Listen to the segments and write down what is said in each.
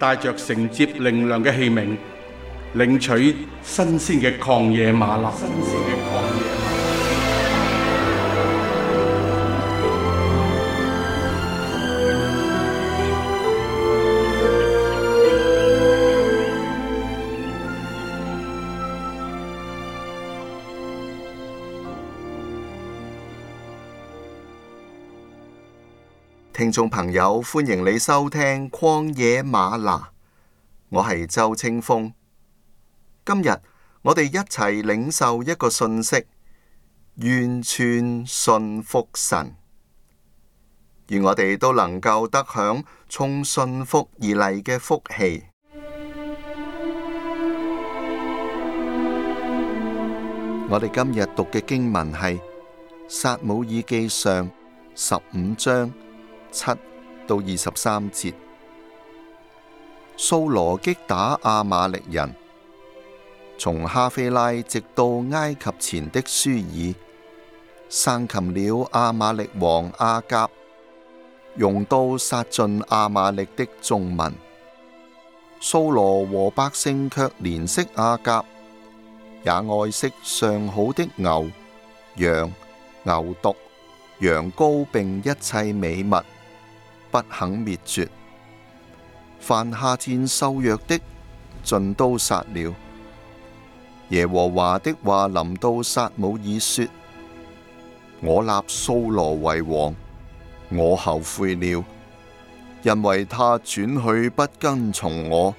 帶着承接靈糧嘅器皿，領取新鮮嘅曠野嗎哪。聽眾朋友，歡迎你收聽曠野嗎哪，我係周清風。今日我哋一齊領受一個訊息，完全順服神，願我哋都能夠得享從順服而嚟嘅福氣。我哋今日讀嘅經文係撒母耳記上十五章七到二十三節，掃羅擊打亞瑪力人，從哈菲拉直到埃及前的舒爾，生擒了亞瑪力王亞甲，用刀殺盡亞瑪力的眾民。掃羅和百姓卻憐惜亞甲，也愛惜上好的牛、羊、牛犢、羊羔，並一切美物。不肯滅絕，凡下賤瘦弱的，盡都殺了。耶和華的話臨到撒母耳說：我立掃羅為王，我後悔了，因為他轉去不跟從我，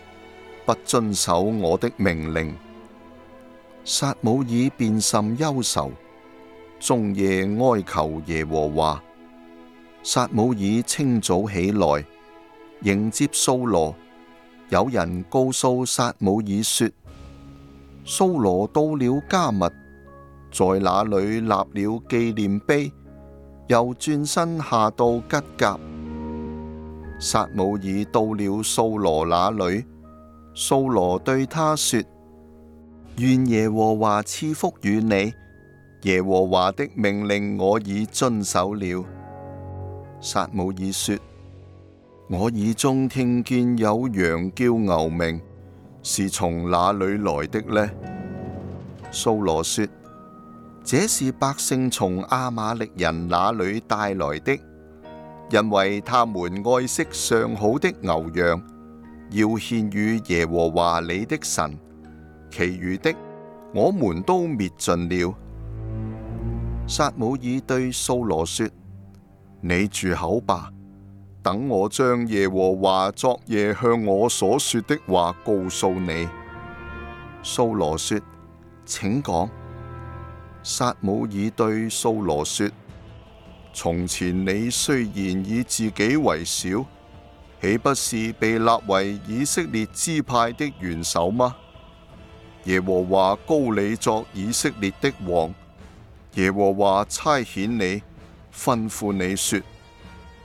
不遵守我的命令。撒母耳便甚憂愁，終夜哀求耶和華。撒母耳清早起來迎接掃羅。有人告訴撒母耳說：掃羅到了迦密，在那裏立了紀念碑，又轉身下到吉甲。撒母耳到了掃羅那裏，掃羅對他說：願耶和華賜福與你！耶和華的命令我已遵守了。撒姆耳說：我耳中聽見有羊叫、牛鳴，是從哪裏來的呢？掃羅說：這是百姓從阿瑪力人那裏帶來的，因為他們愛惜上好的牛羊，要獻與耶和華你的神。其餘的，我們都滅盡了。撒姆耳對掃羅說。你住口吧，等我將耶和華昨夜向我所說的話告訴你。掃羅說：請講。撒母耳對掃羅說：從前你雖然以自己為小，豈不是被立為以色列支派的元首嗎？耶和華膏你作以色列的王，耶和華差遣你，吩咐你說：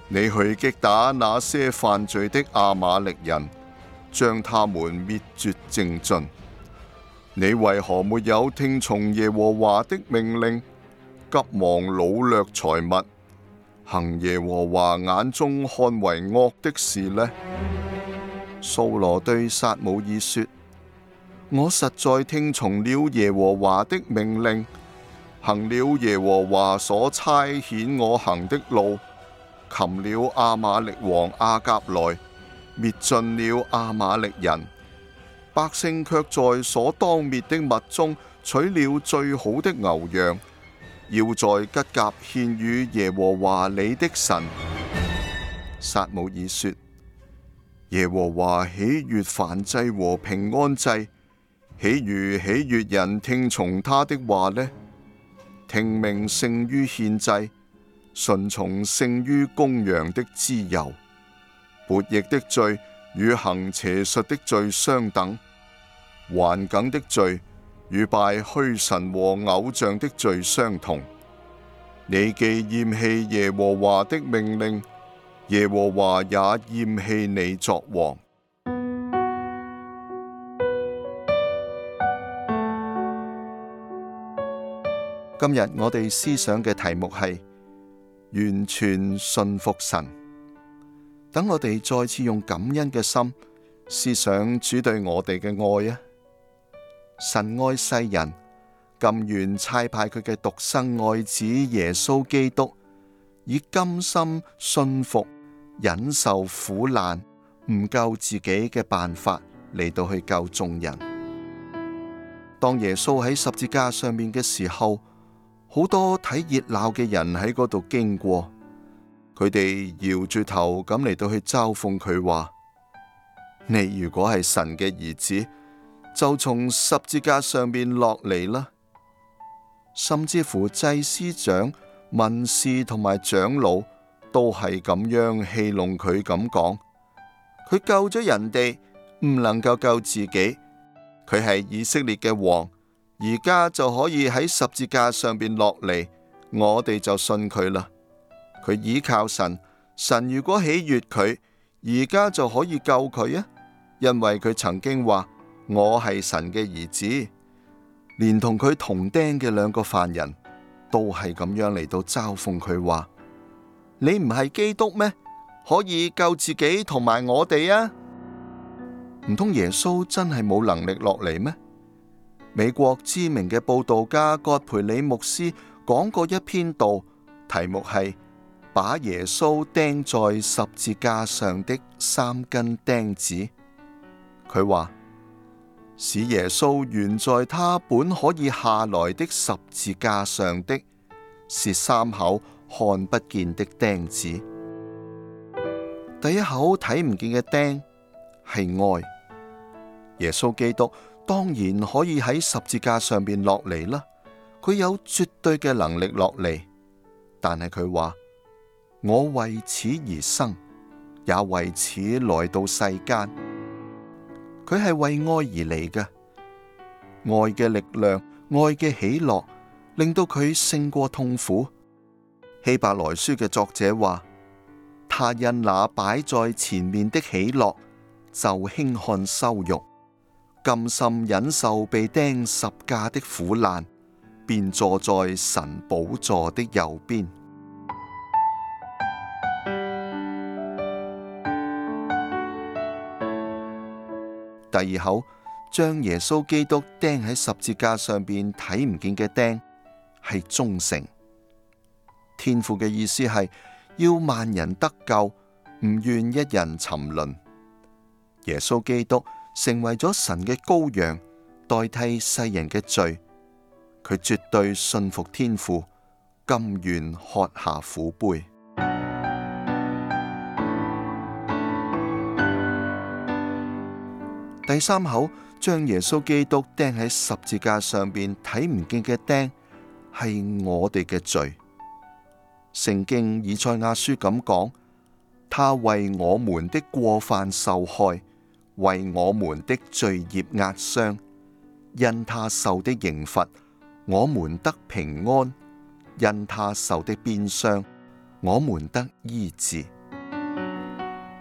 你去擊打那些犯罪的亞瑪力人，將他們滅絕淨盡。你為何沒有聽從耶和華的命令，急忙擄掠財物，行耶和華眼中看為惡的事呢？掃羅對撒母耳說：我實在聽從了耶和華的命令。行了耶和華所差遣我行的路，擒了阿瑪力王亞甲來，滅盡了阿瑪力人。百姓卻在所當滅的物中取了最好的牛羊，要在吉甲獻與耶和華你的神。撒母耳說：耶和華喜悦燔祭和平安祭，豈如喜悦人聽從他的話呢？聽命勝於獻祭，順從勝於公羊的脂油。悖逆的罪與行邪術的罪相等，頑梗的罪與拜虛神和偶像的罪相同。你既厭棄耶和華的命令，耶和華也厭棄你作王。今日我哋思想嘅題目係完全順服神。等我哋再次用感恩嘅心思想主對我哋嘅愛啊！神愛世人，甘願差派佢嘅獨生愛子耶穌基督，以甘心順服、忍受苦難、唔救自己嘅辦法嚟到去救眾人。當耶穌喺十字架上面嘅時候，好多睇熱鬧嘅人喺嗰度經過，佢哋搖住頭咁嚟到去嘲諷佢話：你如果係神嘅兒子，就從十字架上面落嚟啦！甚至乎祭司長、文士同埋長老都係咁樣戲弄佢咁講：佢救咗人哋，唔能夠救自己。佢係以色列嘅王。而家就可以喺十字架上邊落嚟，我哋就信佢啦。佢倚靠神，神如果喜悦佢，而家就可以救佢啊！因為佢曾經話：我係神嘅兒子，連同佢同釘嘅兩個犯人都係咁樣嚟到嘲諷佢話：你唔係基督咩？可以救自己同埋我哋啊？唔通耶穌真係冇能力落嚟咩？美國知名嘅報道家葛培理牧師講過一篇道，題目係《把耶穌釘在十字架上的三根釘子》。佢話：使耶穌懸在他本可以下來的十字架上的是三口看不見的釘子。第一口睇唔見嘅釘係愛，耶穌基督。當然可以喺十字架上邊落嚟啦，佢有絕對嘅能力落嚟，但係佢話：我為此而生，也為此來到世間。佢係為愛而嚟嘅，愛嘅力量、愛嘅喜樂，令到佢勝過痛苦。希伯來書嘅作者話：他因那擺在前面的喜樂，就輕看羞辱，咁甚忍受被釘十架的苦難，便坐在神寶座的右邊。第二口，將耶穌基督釘喺十字架上邊睇唔見嘅釘，係忠誠天父嘅意思，係要萬人得救，唔願一人沉淪。耶穌基督。成為咗神嘅羔羊，代替世人嘅罪，佢絕對信服天父，甘願喝下苦杯。第三口，將耶穌基督釘喺十字架上面睇唔見嘅釘，係我哋嘅罪。聖經以賽亞書咁講：他為我們的過犯受害。為我們的罪孽壓傷，因他受的刑罰，我們得平安；因他受的鞭傷，我們得醫治。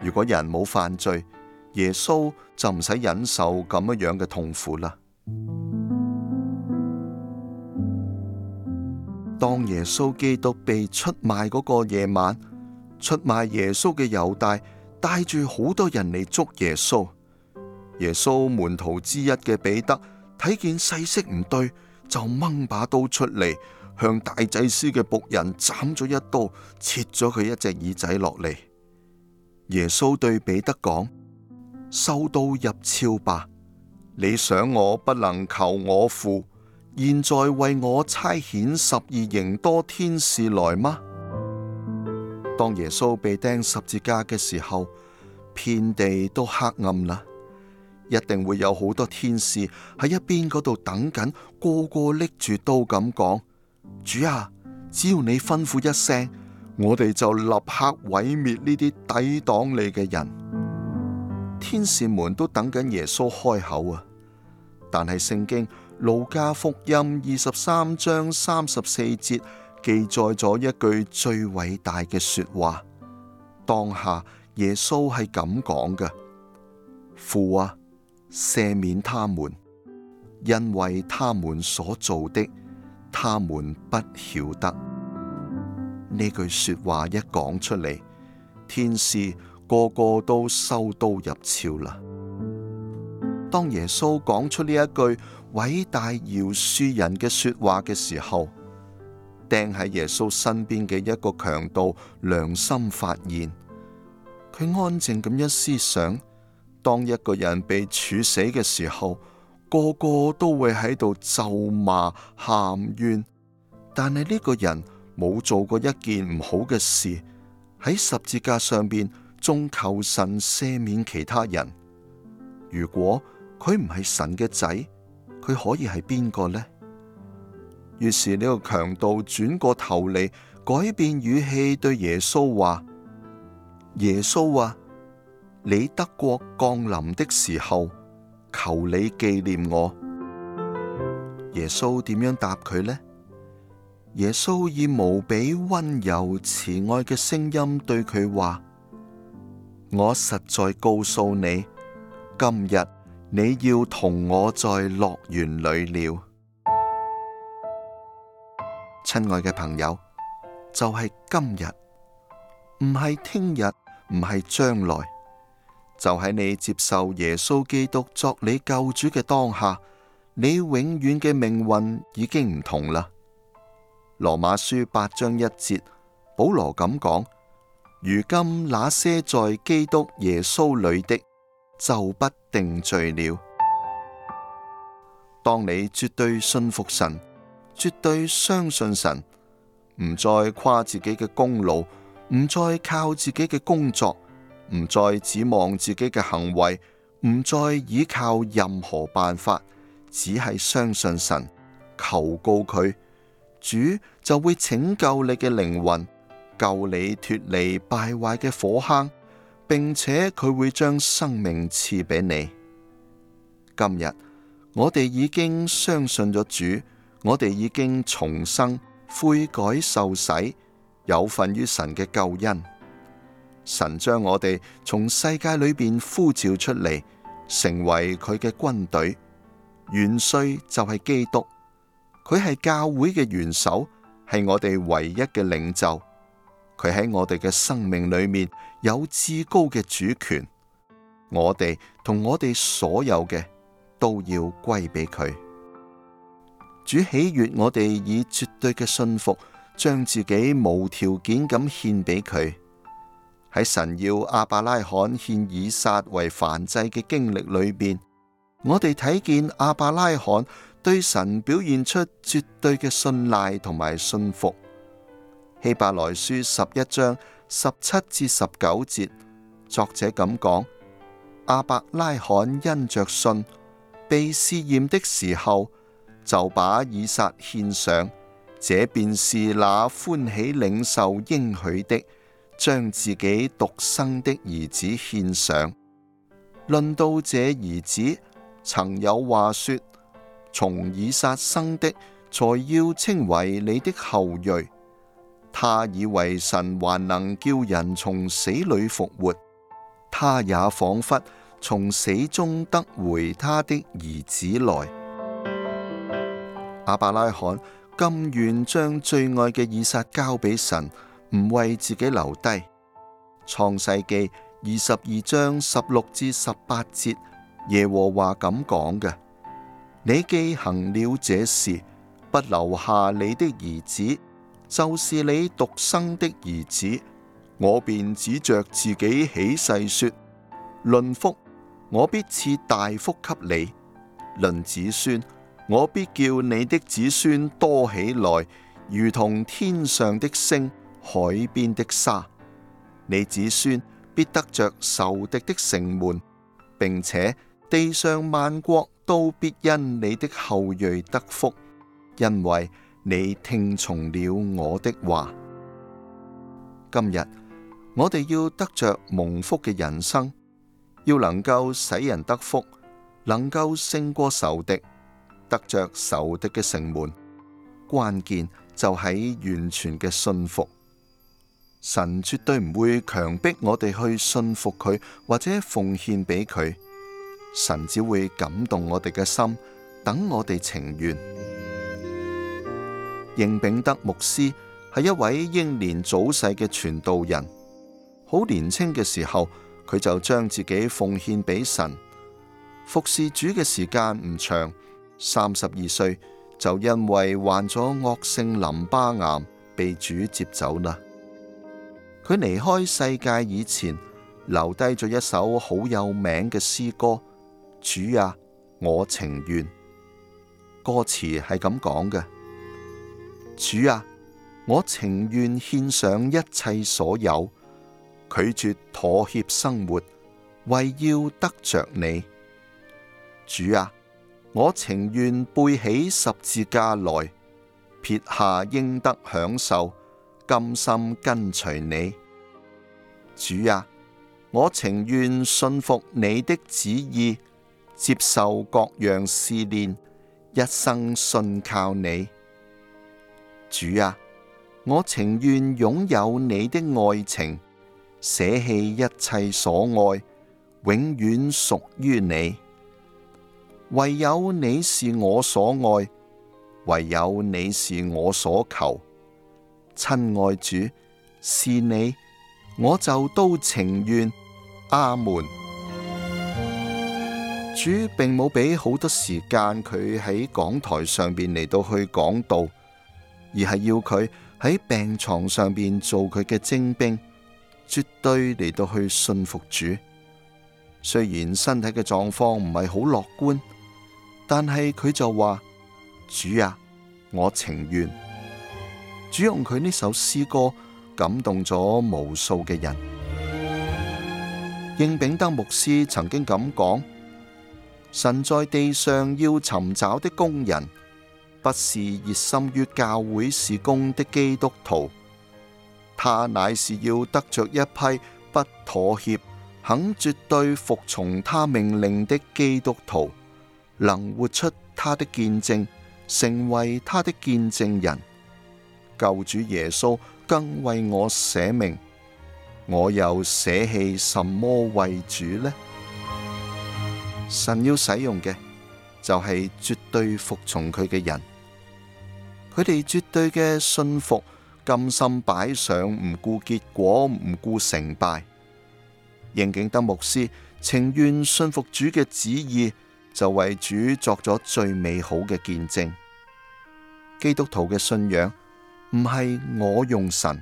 如果人冇犯罪，耶穌就唔使忍受咁樣嘅痛苦啦。當耶穌基督被出賣嗰個夜晚，出賣耶穌嘅猶大帶住好多人嚟捉耶穌。耶穌門徒之一嘅彼得睇見勢色唔對，就掹把刀出嚟向大祭司嘅僕人斬咗一刀，切咗佢一隻耳仔落嚟。耶穌對彼得講：收刀入鞘吧，你想我不能求我父現在為我差遣十二營多天使來嗎？當耶穌被釘十字架嘅時候，遍地都黑暗啦。一定會有好多天使喺一邊嗰度等緊，個個拎住刀咁講：主啊，只要你吩咐一聲，我哋就立刻毀滅呢啲抵擋你嘅人。天使們都等緊耶穌開口啊！但係聖經路加福音二十三章三十四節記載咗一句最偉大嘅說話。當下耶穌係咁講嘅：父啊！赦免他們，因為他們所做的，他們不曉得。呢句說話一講出嚟，天使個個都收刀入鞘啦。當耶穌講出呢一句偉大饒恕人嘅說話嘅時候，釘喺耶穌身邊嘅一個強盜良心發現，佢安靜咁一思想。當一個人被處死嘅時候，個個都會喺度咒罵、喊冤，但係呢個人冇做過一件唔好嘅事，喺十字架上邊仲求神赦免其他人。如果佢唔係神嘅仔，佢可以係邊個呢？於是呢個強盜轉過頭嚟，改變語氣對耶穌話，耶穌啊！你得國降臨的時候，求你紀念我。耶穌點樣答佢呢？耶穌以無比温柔慈愛嘅聲音對佢話：我實在告訴你，今日你要同我在樂園裏了。親愛嘅朋友，就係今日，唔係聽日，唔係將來。就喺你接受耶穌基督作你救主嘅當下，你永遠嘅命運已經唔同啦。羅馬書八章一節，保羅咁講：如今那些在基督耶穌裏的，就不定罪了。當你絕對信服神，絕對相信神，唔再誇自己嘅功勞，唔再靠自己嘅工作。唔再指望自己嘅行為，唔再倚靠任何辦法，只係相信神，求告佢，主就會拯救你嘅靈魂，救你脫離敗壞嘅火坑，並且佢會將生命賜俾你。今日我哋已經相信咗主，我哋已經重生悔改受洗，有份於神嘅救恩。神將我哋從世界裏邊呼召出嚟，成為佢嘅軍隊。元帥就係基督，佢係教會嘅元首，係我哋唯一嘅領袖。佢喺我哋嘅生命裏面有至高嘅主權，我哋同我哋所有嘅都要歸俾佢。主喜悅我哋以絕對嘅信服，將自己無條件咁獻俾佢。喺神要亞伯拉罕獻以撒為燔祭嘅經歷裏邊，我哋睇見亞伯拉罕對神表現出絕對嘅信賴同埋信服。希伯來書十一章十七至十九節，作者咁講：亞伯拉罕因着信，被試驗的時候，就把以撒獻上，這便是那歡喜領受應許的。將自己獨生的兒子獻上。論到這兒子，曾有話說：從以撒生的，才要稱為你的後裔。他以為神還能叫人從死裡復活。他也仿佛從死中得回他的兒子來。亞伯拉罕甘願將最愛嘅以撒交俾神。唔為自己留低《創世記》二十二章十六至十八節，耶和華咁講嘅：你既行了這事，不留下你的兒子，就是你獨生的兒子，我便指着自己起誓說：論福，我必賜大福給你；論子孫，我必叫你的子孫多起來，如同天上的星。海邊的沙，你子孫必得着仇敵的城門，並且地上萬國都必因你的後裔得福，因為你聽從了我的話。今日我哋要得着蒙福嘅人生，要能夠使人得福，能夠勝過仇敵，得着仇敵嘅城門。關鍵就喺完全嘅信服。神絕對唔會強迫我哋去信服佢，或者奉獻俾佢。神只會感動我哋嘅心，等我哋情願。 應丙德牧師係一位英年早逝嘅傳道人。好年輕嘅時候，佢就將自己奉獻俾神，服侍主嘅時間唔長，三十二歲就因為患咗惡性淋巴癌被主接走啦。佢離開世界以前，留低咗一首好有名嘅詩歌。主啊，我情願。歌詞係咁講嘅：主啊，我情願獻上一切所有，拒絕妥協生活，為要得着你。主啊，我情願背起十字架來，撇下應得享受。甘心跟隨你，主啊，我情願信服你的旨意，接受各樣試煉，一生信靠你。主啊，我情願擁有你的愛情，捨棄一切所愛，永遠屬於你。唯有你是我所愛，唯有你是我所求。親愛主，是你，我就都情願，阿門。主並冇俾好多時間佢喺講台上邊嚟到去講道，而係要佢喺病床上邊做佢嘅精兵，絕對嚟到去信服主。雖然身體嘅狀況唔係好樂觀，但係佢就話：主啊，我情願。主用佢呢首詩歌感動咗無數嘅人。應炳德牧師曾經咁講：神在地上要尋找的工人，不是熱心於教會事工的基督徒，他乃是要得着一批不妥協、肯絕對服從他命令的基督徒，能活出他的見證，成為他的見證人。救主耶穌更為我捨命，我又捨棄什麼為主呢？神要使用嘅就係、是、絕對服從佢嘅人，佢哋絕對嘅信服，甘心擺上，唔顧結果，唔顧成敗。刑警德牧師情願信服主嘅旨意，就為主作咗最美好嘅見證。基督徒嘅信仰。唔係我用神，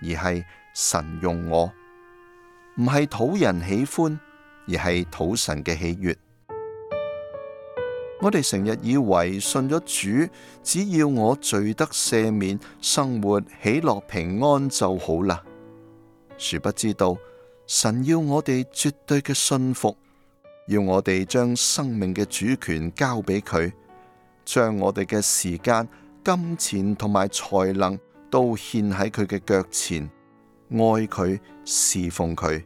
而係神用我；唔係討人喜歡，而係討神嘅喜悅。我哋成日以為信咗主，只要我罪得赦免，生活喜樂平安就好啦。殊不知道，神要我哋絕對嘅信服，要我哋將生命嘅主權交俾佢，將我哋嘅時間。金錢同埋才能都獻喺佢嘅腳前，愛佢，侍奉佢。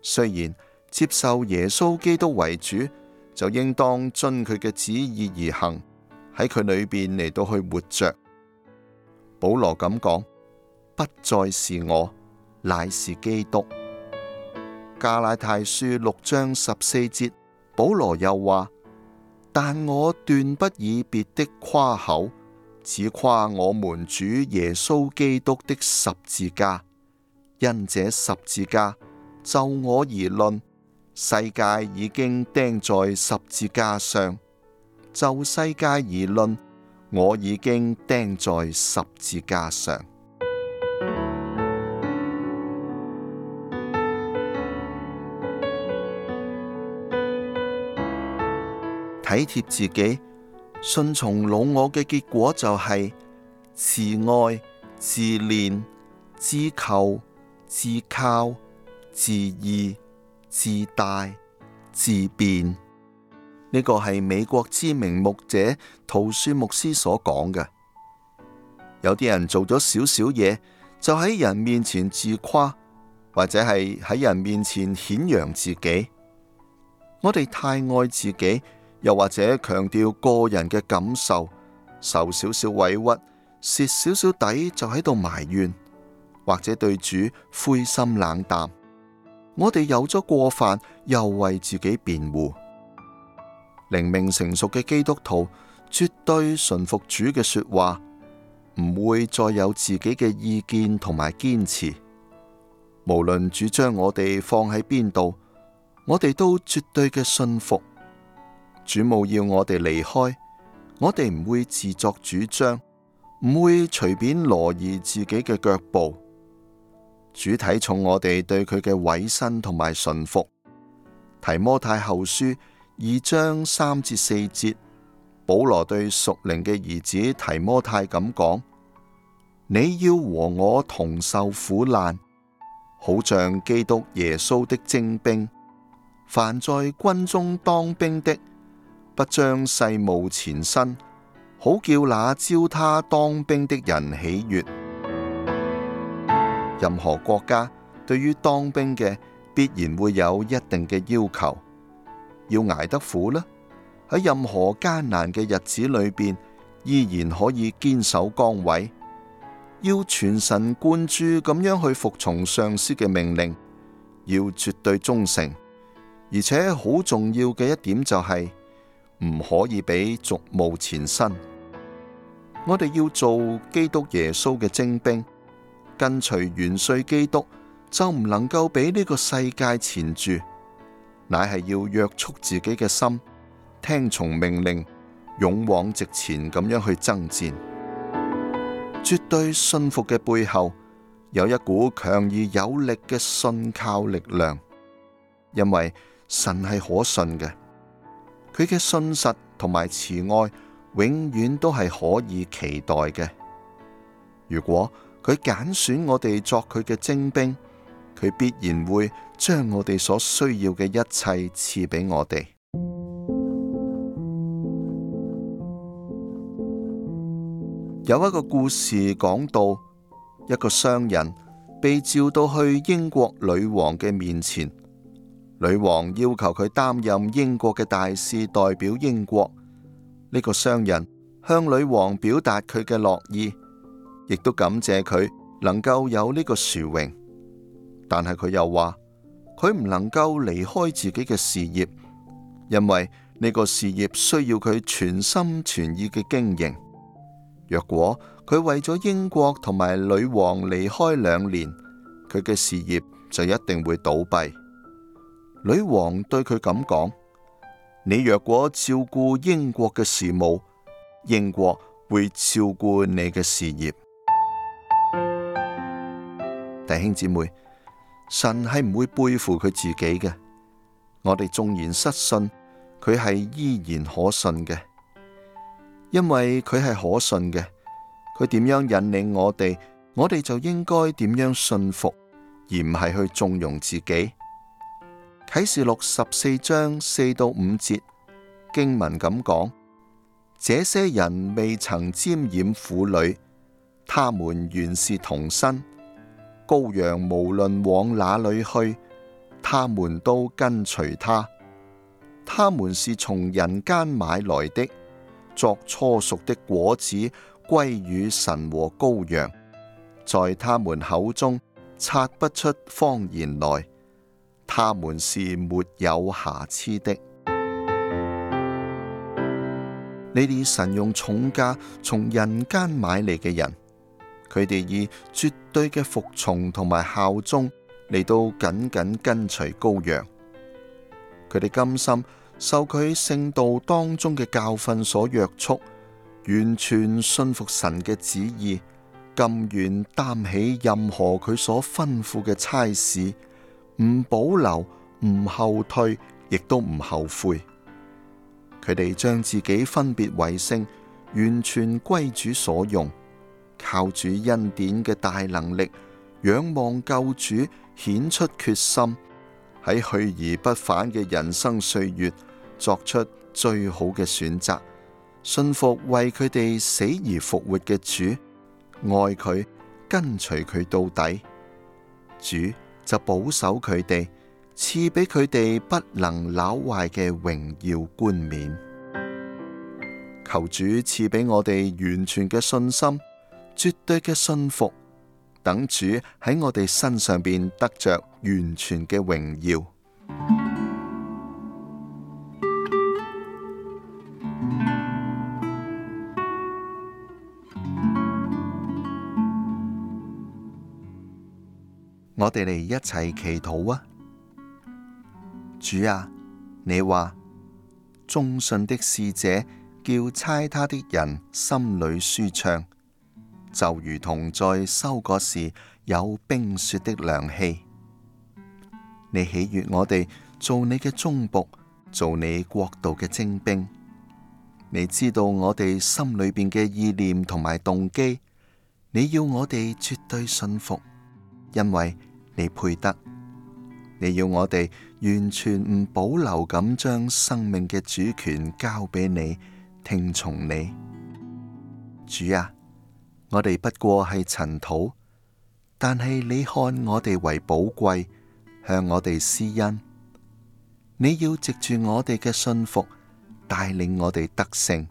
雖然接受耶穌基督為主，就應當遵佢嘅旨意而行，喺佢裏邊嚟到去活着。保羅咁講，不再是我，乃是基督。加拉太書六章十四節，保羅又話：但我斷不以別的誇口，只誇我們主耶穌基督的十字架，因這十字架，就我而論，世界已經釘在十字架上；就世界而論，我已經釘在十字架上。體貼自己，順從老我嘅結果就係、是、自愛、自憐、自求、自靠、自義、自大、自變。呢、這個係美國知名牧者陶恕牧師所講嘅。有啲人做咗少少嘢，就喺人面前自誇，或者係喺人面前顯揚自己。我哋太愛自己。又或者強調個人嘅感受，受少少委屈，蝕少少底就喺度埋怨，或者對主灰心冷淡。我哋有咗過犯，又為自己辯護。靈命成熟嘅基督徒絕對順服主嘅說話，唔會再有自己嘅意見同埋堅持。無論主將我哋放喺邊度，我哋都絕對嘅信服。主冇要我哋離開，我哋唔會自作主張，唔會隨便挪移自己嘅腳步。主睇重我哋對佢嘅委身同埋順服。提摩太後書二章三至四節，保羅對屬靈嘅兒子提摩太咁講：你要和我同受苦難，好像基督耶穌的精兵。凡在軍中當兵的。不將世務纏身，好叫那招他當兵的人喜悅。任何國家對於當兵嘅，必然會有一定嘅要求，要捱得苦啦。喺任何艱難嘅日子裏邊，依然可以堅守崗位，要全神貫注咁樣去服從上司嘅命令，要絕對忠誠。而且好重要嘅一點就係、是。唔可以俾俗務纏身，我哋要做基督耶穌嘅精兵，跟隨元帥基督，就唔能夠俾呢個世界纏住，乃係要約束自己嘅心，聽從命令，勇往直前咁樣去爭戰。絕對信服嘅背後，有一股強而有力嘅信靠力量，因為神係可信嘅。佢嘅信實同埋慈愛，永遠都係可以期待嘅。如果佢揀選我哋作佢嘅精兵，佢必然會將我哋所需要嘅一切賜俾我哋。 有一個故事講到，一個商人被召到去英國女王嘅面前。女王要求佢擔任英國嘅大使，代表英國。呢個商人向女王表達佢嘅樂意，亦都感謝佢能夠有呢個殊榮。但係佢又話，佢唔能夠離開自己嘅事業，因為呢個事業需要佢全心全意嘅經營。若果佢為咗英國同埋女王離開兩年，佢嘅事業就一定會倒閉。女王對佢咁講：「你若果照顧英國嘅事務，英國會照顧你嘅事業。弟兄姊妹，神係唔會背負佢自己嘅。我哋縱然失信，佢係依然可信嘅，因為佢係可信嘅。佢點樣引領我哋，我哋就應該點樣信服，而唔係去縱容自己。啟示錄十四章四到五節經文咁講：這些人未曾沾染婦女，他們原是童身。羔羊無論往哪裏去，他們都跟隨他。他們是從人間買來的，作初熟的果子歸與神和羔羊，在他們口中察不出謊言來。他們是沒有瑕疵的。呢啲神用重價從人間買嚟嘅人，佢哋以絕對嘅服從同埋效忠嚟到緊緊跟隨羔羊。佢哋甘心受佢聖道當中嘅教訓所約束，完全信服神嘅旨意，甘願擔起任何佢所吩咐嘅差事。唔保留，唔後退，亦都唔後悔。佢哋將自己分別為聖，完全歸主所用，靠主恩典嘅大能力，仰望救主，顯出決心，喺去而不返嘅人生歲月，作出最好嘅選擇，信服為佢哋死而復活嘅主，愛佢，跟隨佢到底。主。就保守佢哋，賜俾佢哋不能朽壞嘅榮耀冠冕。求主賜俾我哋完全嘅信心、絕對嘅信服，等主喺我哋身上邊得着完全嘅榮耀。我哋嚟一齊祈禱啊！主啊，你話忠信的使者叫差他的人心裏舒暢，就如同在收割時有冰雪的涼氣。你喜悅我哋做你嘅忠僕，做你國度嘅精兵。你知道我哋心裏面嘅意念同埋動機，你要我哋絕對信服，因為。你配得，你要我哋完全唔保留咁將生命嘅主權交俾你，聽從你。主啊，我哋不過係塵土，但係你看我哋為寶貴，向我哋施恩。你要藉住我哋嘅信服，帶領我哋得勝。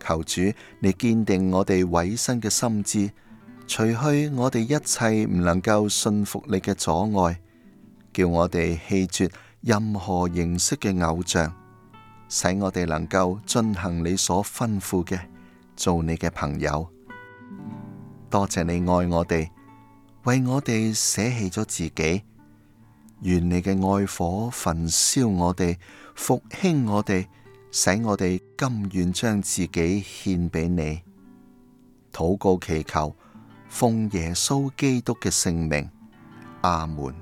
求主，你堅定我哋委身嘅心智。除去我哋一切唔能夠信服你嘅阻礙，叫我哋棄絕任何形式嘅偶像，使我哋能夠進行你所吩咐嘅，做你嘅朋友。多謝你愛我哋，為我哋捨棄咗自己。願你嘅愛火焚燒我哋，復興我哋，使我哋甘願將自己獻俾你。禱告祈求。奉耶穌基督嘅聖名，阿門。